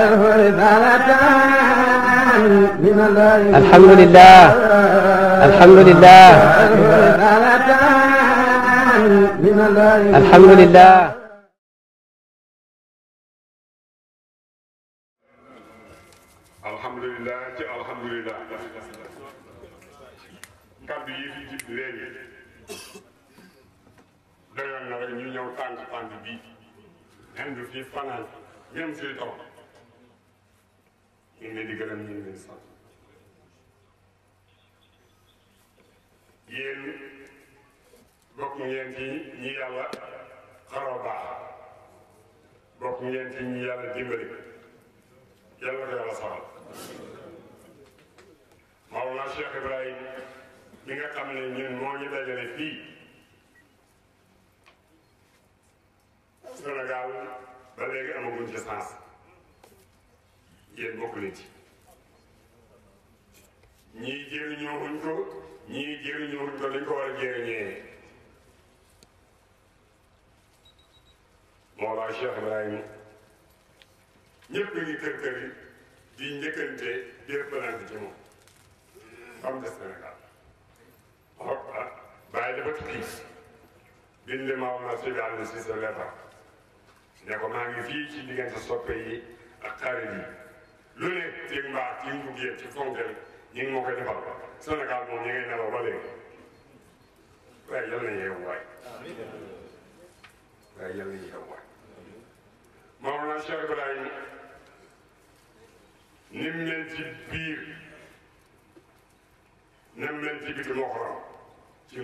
alhamdulilah alhamdulilah alhamdulilah. alhamdulilah ci alhamdulilah kàddu yi fi ngi leen di gërëm ñu ngi leen sant yéen bokk ngeen ci ñi yàlla xaroo baax bokk ngeen ci ñi yàlla dimbali yàlla ko yàlla saxal Mawlana Cheikh Ibrahim bi nga xam ne ñun moo ñu dajale fii Sénégal ba léegi amaguñ ci sens yéen bokk leen ci ñii jëriñoo wuñ ko ñii jëriñoo wuñ ko dañ ko war a jëriñee moo laa Cheikh Ibrahima ñëpp ngi kër kër yi di njëkkante di ëppalante ci moom xam des Sénégal xob ah bàyyi dafa tukki bind Maodo Sëñ Aliou Cissé leetar ne ko maa ngi fii ci diggante soppe yi ak xarit yi lu ne ci mbaax ci mbugee ci fonkeel ñi ngi moo koy defal Sénégal moom ñi ngay nelaw ba léegi na yeewu waay waaye na yeewu waay Mawlana ni mu mel ci biir na mu mel ci biti moo xorom ci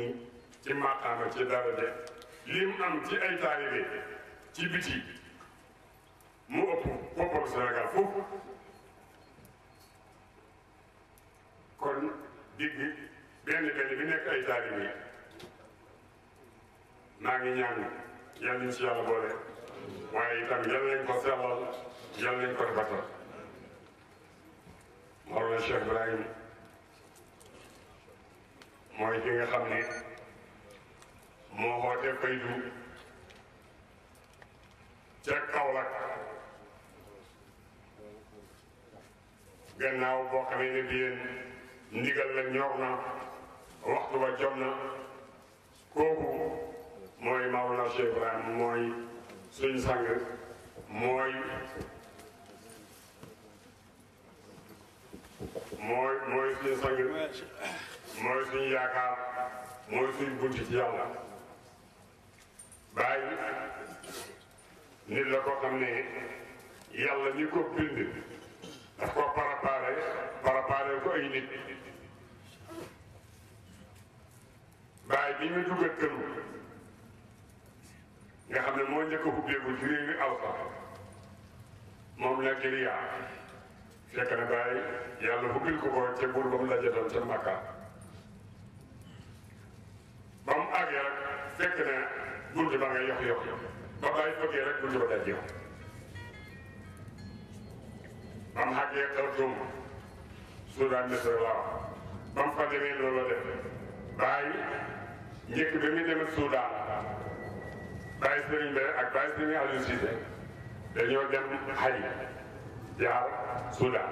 ci maqaama ci de li am ci ay taalibe ci biti mu ëpp boppam Sénégal foofu kon digg benn benn bi nekk ay taalibe yi maa ngi ñaan yal nañ si yàlla boole waaye itam yal nañ ko sellal yal nañ ko rafetal Mawlana Cheikh Ibrahim mooy ki xam ni moo xoote faydu ca Kaolack gannaaw boo xamee ne bi yéen ndigal la ñor na waxtu ba jot na kooku mooy Maolana Cheikh Ibrahima mooy suñ sang mooy mooy mooy suñu sang mooy suñu yaakaar mooy suñ bunti yàlla bàyyi nit la ko xam ne yàlla ñi ko bind daf koo ko ay nit bi ñu dugg ak nga xam ne moo njëkk a ubbeeku ci réewi Awsa moom la Giriya fekk na bàyyi yàlla ku ko ko te buur ba mu dajatoon ca Makka ba mu àggee rek fekk na ba nga yox yox ba bàyyi bëggee rek buntu ba daj maam àggee Khartoum Soudan Misra waaw ba mu fa demee loolu def bàyyi njëkk ba muy dem Soudan bàyyi sëriñ bi ak bàyyi sëriñ Aliou Cissé dañoo dem xay jaar Soudan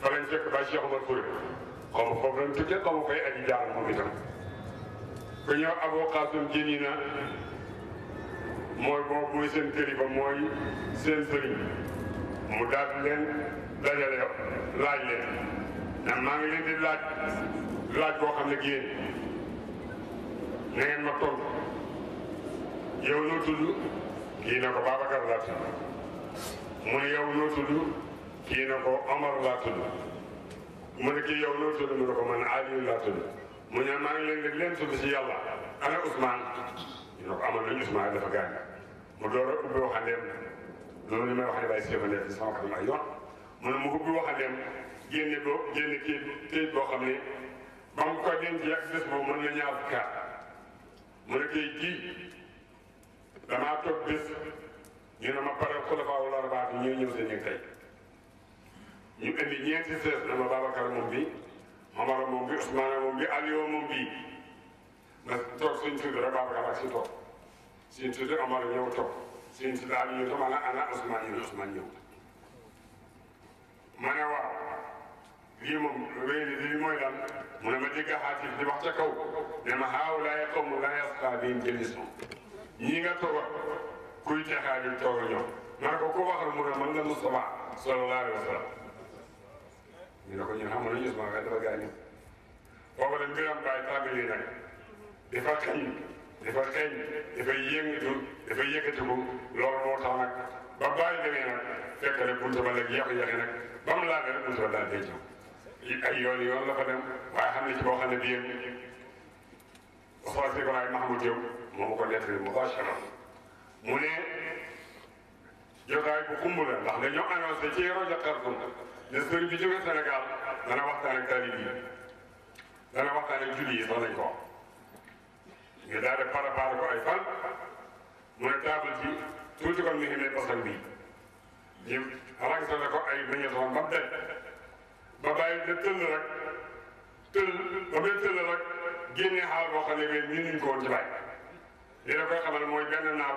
fa lañ fekk bàyyi Cheikh Omar Fouré xaw ma foofu lañ tukkee xaw ma koy aji jaar moom itam ku ñëw Abou Kasum jëni na mooy boo buy seen kër yi ba mooy seen sëriñ mu daal leen dajale laaj leen ndax maa ngi leen di laaj laaj boo xam ne ak na ngeen ma tontu yow noo tudd kii na ko Babacar laa tudd mu ne yow noo tudd kii na ko Omar laa tudd mu ne kii yow noo tudd mu ne mu ne maa ngi leen di leen tudd ci yàlla ana Ousmane ñu ne ko amal nañu Ousmane dafa gaañ mu door a ubbi loolu li may wax ne bàyyi si dafa nekk sama xel maa yor mu ne ma ko bu wax a dem génne ko génne kii këyit boo xam ne ba mu ko denc yàgg bés boobu mën na ñaar fukki at mu ne këyit gii damaa toog bés ñu ne ma pare xulafaawu larbaat ñoo ñëw sa néeg tey ñu indi ñeenti sees dama Babacar moom bi Mamara moom bi Ousmane moom bi Aliou moom ma toog suñ tudd rek Babacar ak si toog suñ tudd sëñ Tuubaa ñu ne ko man ana Ousmane ñu ne Ousmane ñëw ma ne waaw lii moom mooy lan mu ne ma dégg xaatif di wax ca ne ma xaaw laay xawmu laa yasqa bihim jalisun ñii nga tooga kuy texaa di tooga ñoom ma ko ku waxal mu ne man la Mustafa sallallahu alayhi wa sallam ñu ne ko ñun xamoon nañu Ousmane waaye dafa gaañu boobu la mbiram bàyyi tàmbali nag di fa xëy dafa xeeñ dafay yëngatu dafay yëkkatiku loolu moo tax nag ba bàyyi demee nag fekk rek buntu ba léegi yàqu yàqu nag ba mu laajee rek buntu ba daal day jóg ay yoon yoon la fa dem waaye xam ne ci boo xam ne bii yëpp xool ko waaye Mahmoud Diop moo ko nettali mu baaxee mu ne jotaay bu xumb la ndax dañoo annoncé ci rajo Khartoum ne sëriñ bi jóge Sénégal dana waxtaan ak taalib yi dana wax ak julli yi sax lañ ko nga daal di préparé ko ay fan mu ne table ba mu daj ba bàyyi ne tëll rek tëll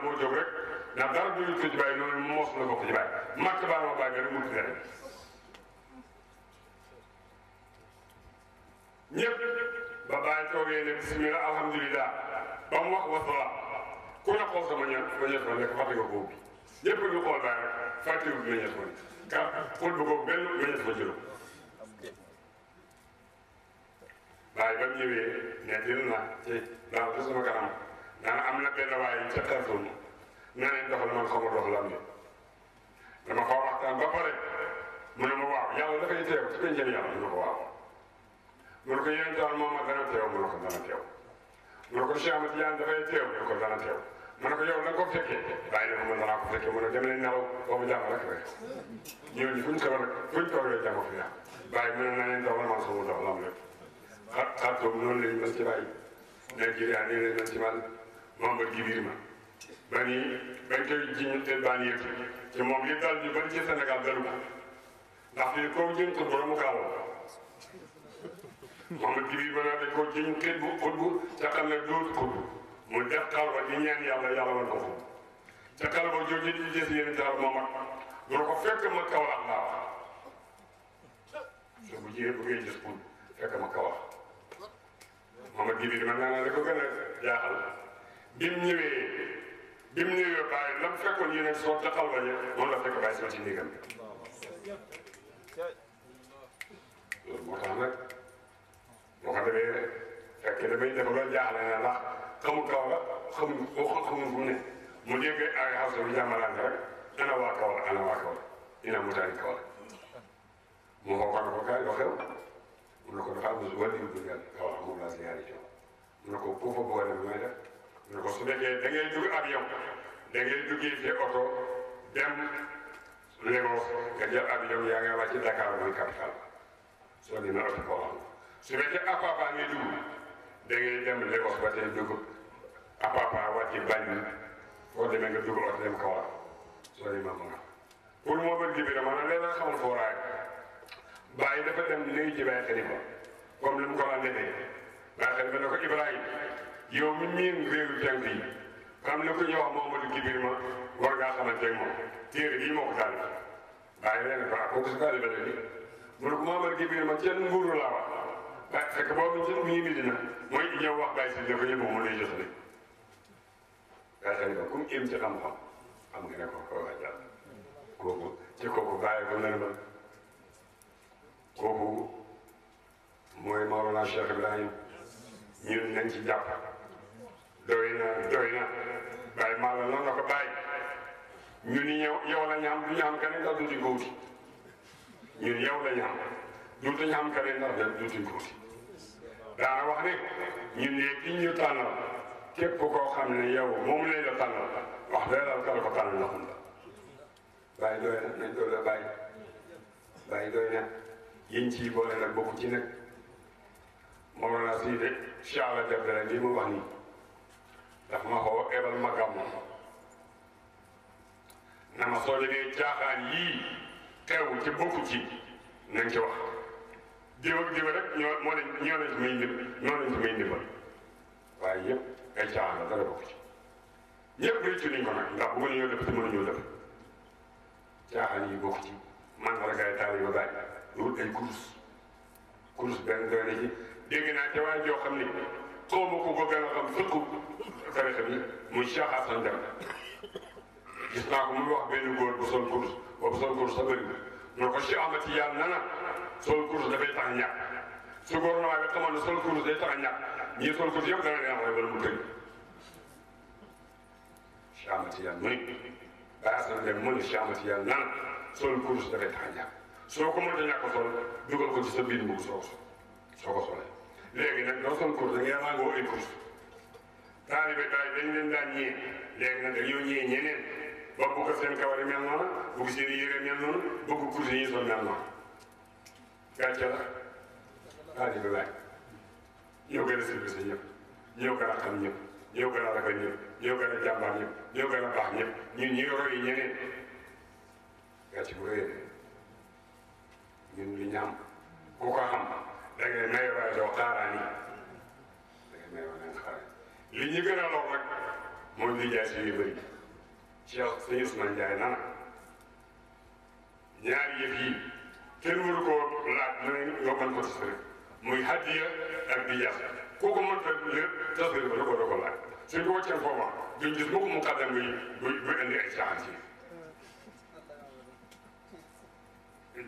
moo jóg rek ndax ba bàyyi toogee ne bisimilah alhamdulilah ba mu wax wasalaam ku ne xool sama ña ma ñeent ma nekk fàtte nga boobu ñëpp ñu xool bàyyi rek fàttewul ma ñeent ma ne car xool bu ko benn ma ñeent ma juróom. waaye ba mu ñëwee nekk na ci daaw ci sama kanam daanaka am na benn waaye ca téléphone naa leen doxal man xaw ma doxal am ne dama xaw waxtaan ba pare mu na ma waaw yàlla dafay teew ci pencam yàlla mu ne ko waaw. ko yéen daal moom a dana teew mu ne ko dana teew mu ne ko Cheikh Ahmed Tidiane dafay teew mu ne ko dana teew mu ne ko yow na nga ko fekkee bàyyi na ko man danaa ko fekkee mu ne dem nañ nelaw ba mu jàng rek rek ñooñu fuñ toog rek fuñ toog rek jàng fi ñaar bàyyi mu ne na leen doxal man sama doxal am lépp xat xat doom noonu lañ mën ci bàyyi Nigeria nii lañ mën ci man membre gi biir ma ba nii bañ koy jiñ te baan yëpp ci moom li dal ñu ban ci Sénégal dalu ko ndax fii koo jëm ko borom kaaw moom it jiw mën a dañ ji jiñ xit bu xut bu ca xam ne dootu bu mu def xalwa di ñaan yàlla yàlla la ko ca xalwa jooju di des yéen daal moo mag mu ne ko fekk ma kaw laa laa te bu jiyee bu ngeen gis xut fekk ma kaw moom it jiw bi dama naan la ko gën a jaaxal bi mu ñëwee bi mu ñëwee bàyyi lam fekkoon yéen a soo ca xalwa ja moom la fekk bàyyi si ma ci néegam loolu boo ko defee fekkee damay dafa doon jaaxle na ndax xamul Kaolack xamul xamul fu mu ne mu dégg ay xaso bi jàmmalante rek ana waa Kaolack ana waa Kaolack ina mu taal Kaolack mu xool ko kaay xew mu ne ko dafa am wàllu yu bëgg yàlla Kaolack moom laa si yaari coow mu ne ko ku fa bëgg a dem may def mu ne ko su fekkee da ngay dugg avion da ngay duggee fii oto dem Lagos nga jël avion yaa ngi wàcc Dakar mooy capital soo demee oto Kaolack su fekkee apapa ngay dugg da ngay dem ba tey dugg apapa wàcc Banjul boo demee nga dugg oto dem Kaolack soo demee ma ma pour moo bëgg ji bi dama ne xamul fooraay bàyyi dafa dem léegi ci bàyyi xalifa comme li mu ko daan defee bàyyi xalifa ne ko Ibrahima yow mi miin réewu jàng yi xam ne ku ñuy wax Mohamadou Kibir ma war ngaa xamante ne moom téere bii moo ko tànn bàyyi leen ko ah kooku su ko mu ne ko Mohamadou Kibir ma kenn nguuru laa wax. waaye fekk boobu ci mi ngi Medina mooy di ñëw wax bàyyi si dafa ñëw moom lay jotale bàyyi sa nga comme ci xam-xam xam nga ko ko waa jàll kooku ci kooku bàyyi ko nan ma kooku mooy Maolana Cheikh Ibrahim ñun nañ ci jàpp doy na doy na bàyyi maa la noonu la ko ñu ni yow yow la ñaam du ñaam keneen ndax duuti ko wuti yow la ñaam duuti ñaam keneen ndax duuti ko daa wax ne ñun de ñu tànnal képp koo xam ne yow moom lañ la tànnal wax dëgg yàlla kala ko tànnal na xam la bàyyi doy na nañ doy la bàyyi bàyyi doy ci nag moom la sii de Cheikh def dara lii mu wax nii daf ma xoo ebal ma gàmmu na ma soo demee caaxaan yii teew ci bokku ci nañ ci wax diw ak diw rek ñoo moo leen ñoo leen may ndim ñoo leen may ndimbal waaye yëpp ay caaxaan la dara bokk ci ñëpp rëccu nañ ko nag ndax bu ñu ñëw def te mënuñu def caaxaan yi bokk ci man la gaay taal yoo bàyyi wut ay kurus kurus benn doy na ci dégg naa ca waaye joo xam ne xaw ma ko ko gën a xam fëkku tarixa bi muy Cheikh Assane Dem gis naa ko muy wax benn góor bu sol kurus boobu sol kurus sa bëri na ko Cheikh Ahmad Tijaan nana sol course dafay tax a ñàkk su gouvernement bi xamoon ne sol course day tax a ñàkk ñii sol course yëpp dana leen wax wala soo ko mënta ñàkk a sol dugal ko ci sa biir mbubb soo ko ko solee léegi nag doo sol course da ngay ràngoo ay taalibe daal dañ leen daan ñee nag dañoo ñee ñeneen ba bu seen kawari mel noonu bu ko seen yére mel noonu ba ko course yi gàncax la taalibe laaj yow gën a service ñëpp yow gën a xam ñëpp yow gën a rafet ñëpp yow gën a jàmbaar ñëpp yow gën a baax ñëpp ñun ñuy roy ñeneen gàcce bu rëy ñun li ñu am ku ko xam da ngay may waaye doo xaaraan yi da ngay may waaye doo xaaraan li ñu gën a lor nag mooy li jaay si yu bëri Cheikh Sëñ Ousmane Ndiaye naan ñaari yëf yi. kenn waru koo laaj leneen nga ko tasare muy hadiya ak di yàq kooku mën ta lépp tasare ko da ko da ko ko wàccee foofa duñ gis mukk mu xaddam yi buy buy indi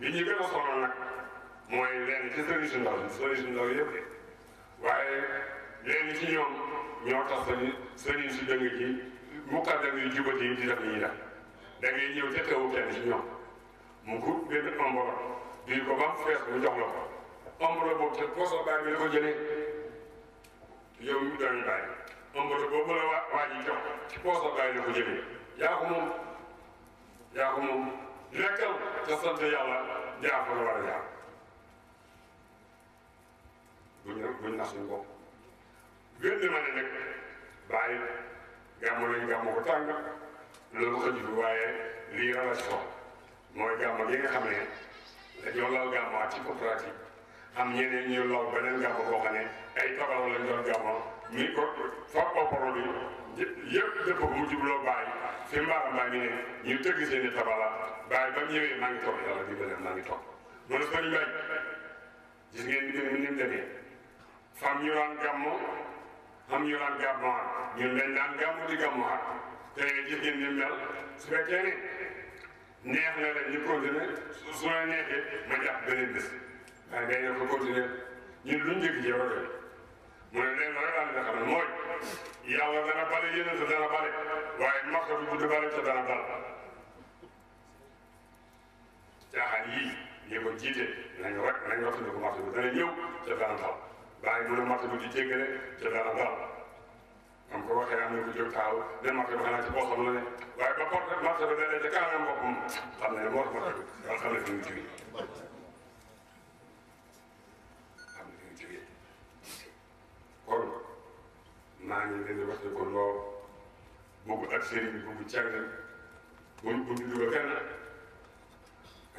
li ñu gën a sonal nag mooy leen ci sëriñ si ndaw sëriñ si ndaw yëpp de waaye leen ci ñoom ñoo tax sëriñ sëriñ si dëng ji muqaddam yu jubati yi di def li ñuy def da ngay ñëw ca kaw kenn ci ñoom mu gudd benn diir ko ba mu fees bu jox la ko enveloppe boobu te poche baa ngi la ko jëlee yow mi doomi bàyyi enveloppe boobu la waa waa ji jox ci poche baa ngi la ko jëlee yaa ko moom yaa ko moom lekkal te sant yàlla jaar fa la war a jaar buñ buñ nax suñ bopp gën di ma ne nag bàyyi gàmmu lañ gàmmu ko tàng loolu xëj bi waaye lii relation mooy gàmmu gi nga xam ne dañoo law gàmmu ci coopérative am ñeneen ñu law beneen gàmmu boo xam ne ay tabalaw lañ doon gàmmoo mi ko fa kopparo bi yëpp dëpp mu jubloo bàyyi fi mbaara mbaay mi ñu tëgg seen i tabala ba mu ñëwee toog yàlla di bële maa ngi toog mu ne sëñ Mbaye gis ngeen mu demee fam ñu daan gàmmoo am ñu daan gàmmoo ñun dañ daan gàmmu di gàmmoo te gis mel su neex na leen ñu continuer su su la neexee ma jàpp beneen bés waaye day ne ko continuer ñun luñ njëkk ci yow rek mu ne leen rek daal nga xam ne mooy yàlla dana bale yeneen sa dana bale waaye maxatu bu dana bale sa dana bal caaxaan yii ñu ko jiite nañ rek nañ waxtu ko maxatu dana ñëw sa dana bal bàyyi mu ne maxatu di jéggale sa dana bal man ko waxee am na ko jóg taaw den ma koy waxee naa ci boo xam ne waaye ba porte marché ba dalee ca kanam boppam xam ne moo ma dal xam ne fi mu jógee xam ne fi mu jógee kon maa ngi leen di wax ne ko loo bëgg ak sëriñ bi bëgg càng buñ buñ dugal kenn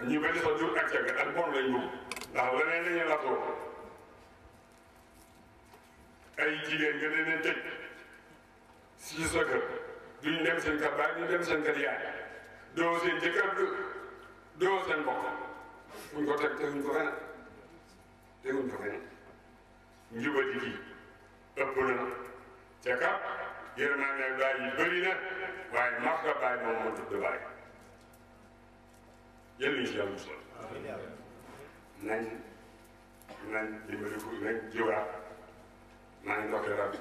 ñu benn sax jur ak càng ak bon lañ bëgg ndax leneen lañuy latoo ay jigéen nga leen tëj si sa kër duñ dem seen kër baay duñ dem seen kër yaay doo seen jëkkër du doo seen mbokk buñ ko teg teguñ ko fenn teguñ ko fenn njubati gi ëpp na ca kap yërmande baay yi bëri na waaye marka baay moom moo tudd baay yéen si yàlla musal nañ nañ dimbali ko nañ jiwaat maa ngi ndokkee rab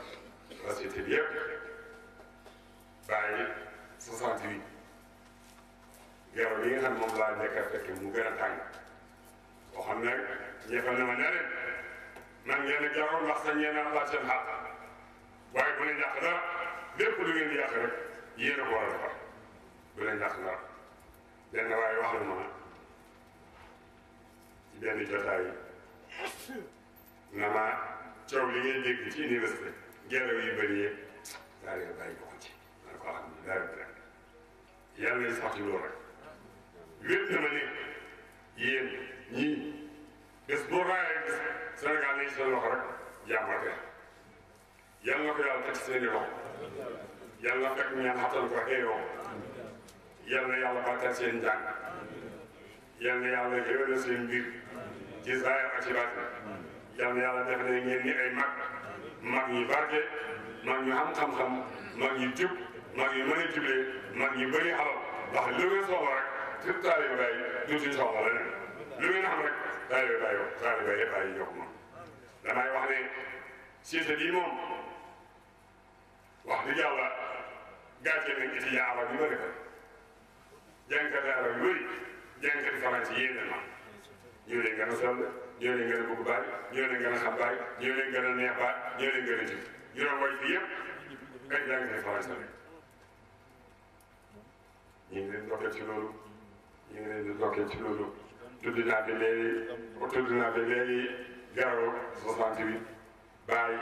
société bi yëpp bàyyi 68 ngelaw li nga xam moom laa njëkk a fekk mu gën a tàng xam ne ñeefal na ma ne leen man ngeen a jaroon ndax sañ ngeen a laaj seen waaye bu leen yàq dara leen waaye wax na ma ci benn na ma coow li ngay dégg ci université ngelaw yu bëri yëpp daa leen bàyyi bokk ci. alhamdulilah rabbil alamin yàlla ngeen sax ci loolu rek wéet na ma ne yéen ñii bés boo raayee gis Sénégal nañ seen loxo rek jàmmate yàlla na ko yàlla teg seen i loxo yàlla fekk ñaan xatal ko xeeyoo yàlla na yàlla bàttal seen njàng yàlla na yàlla yéwénal seen mbir ci zaahir ak ci baatin yàlla na yàlla def ne ngeen ñi ay mag mag ñu barke mag ñu am xam-xam mag ñu jub mag yu mën a jublee mag yu bëri alal ndax lu ngeen soxla rek ci taalibe Baay dootuñ soxla leneen lu ngeen xam rek taalibe Baay yow taalibe Baay yëpp ay yokk ma damay wax ne Cissé bii moom wax dëgg yàlla gàcce nañ ci yaa alal yu bëri fa jànkati alal yu bëri jànkati faran si yéen ma ñoo leen gën a sell ñoo leen gën a bëgg baay ñoo leen gën a xam baay ñoo leen gën a neex baay ñoo leen gën a jub ñu doon way fii yëpp ay jànkati faran si ñu ngi leen dokkee ci loolu ngi leen di dokkee ci loolu tudd naa fi léegi tudd naa fi léegi garo soixante huit bàyyi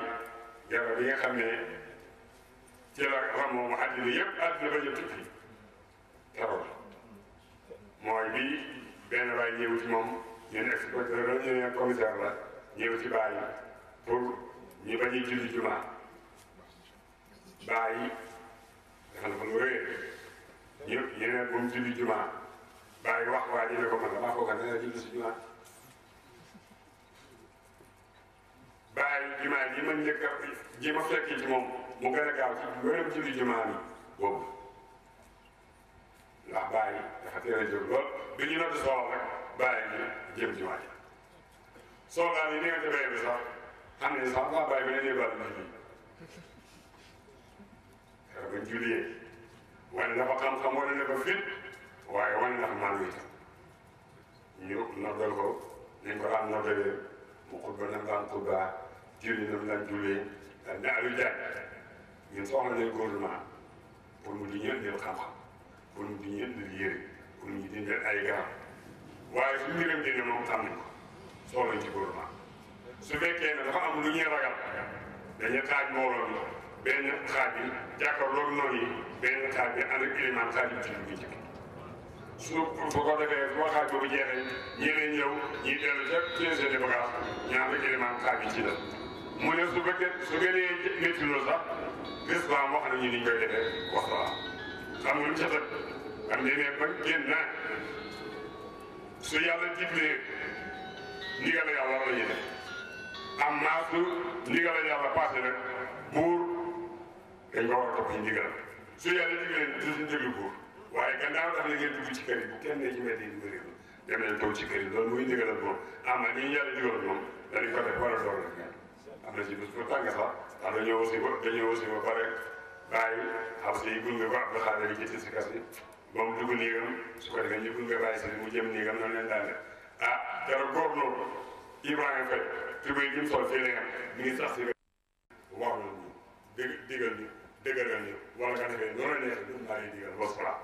garo bi nga xam ne ci la ram moomu àddina yëpp ba ñu tukki garo mooy bi benn bàyyi ñëw ci moom ñun inspecteur la ñu ne commissaire la ñëw ci bàyyi pour ñu bañ a jumaa bàyyi dafa na fa yëpp yeneen bu mu julli jumaa bàyyi wax waa ji ne ko man damaa foog a nee julli si jumaa bàyyi jumaa ji ma njëkk a ji ma fekk ci moom mu gën a gaaw ci wéram julli jumaa bi boobu ndax bàyyi dafa teel a jóg lool bi ñu nodd soxla rek bàyyi ñu jëm jumaa ji soxlaa yi ni nga ci béy bi sax xam ne sax nga bàyyi ba ne bal julli baal julli wane na fa xam-xam wane na fa fit waaye wane na fa maanu itam ñu noddal ko ni ko daan noddalee mu xutba nam daan xutbaa julli nam daan jullee dañ ne Aliou Diagne ñun soxla nañ gouvernement pour mu di ñëndil xam-xam mu di ñëndil yére pour mu dindil ay garab waaye su mbiram dina moom xam nañ ko soxlañ ci gouvernement su fekkee ne dafa am lu ñuy ragal dañuy taaj mbooloo bi benn xaaj bi jàkkaarloog noonu yi benn xaaj bi ànd ak climat xaaj bi ci biir su ko defee boo xaaj boobu jeexee ñeneen ñëw ñuy de bagage ñaar ak climat xaaj bi ci la. mu ne su fekkee su gënee métti loolu sax bés ba wax nañu ni ñu koy defee wax dëgg xam ca tëb am demee ba génn naa su yàlla jiblee ndigal yàlla war la ñu def am naa su ndigal yàlla passé nag buur. dañ ko war a topp ci ndigal su yàlla digalee dinañ déglu ko waaye gannaaw tax na ngeen dugg ci kër yi bu kenn ne ci mbedd yi dugg réew dem leen toog ci kër yi loolu muy ndigal ak moom am ah, na ñu yàlla digal moom dañu ko def war a door ak ñoom am na ci bés bu tàng sax am na ñoo aussi ba dañoo aussi ba pare bàyyi xam si gunge ko ab xaaral yi ci si kas yi ba mu dugg néegam su ko defee ñu gunge bàyyi si mu jëm néegam noonu leen daan def ah dara góor noonu Ibrahima Faye tubéy jëm sol fii la ñu ngi sax si wax nañu digal ñu dëgëral ñu wala nga defee noonu la neexee dum naa lay digal wasalaam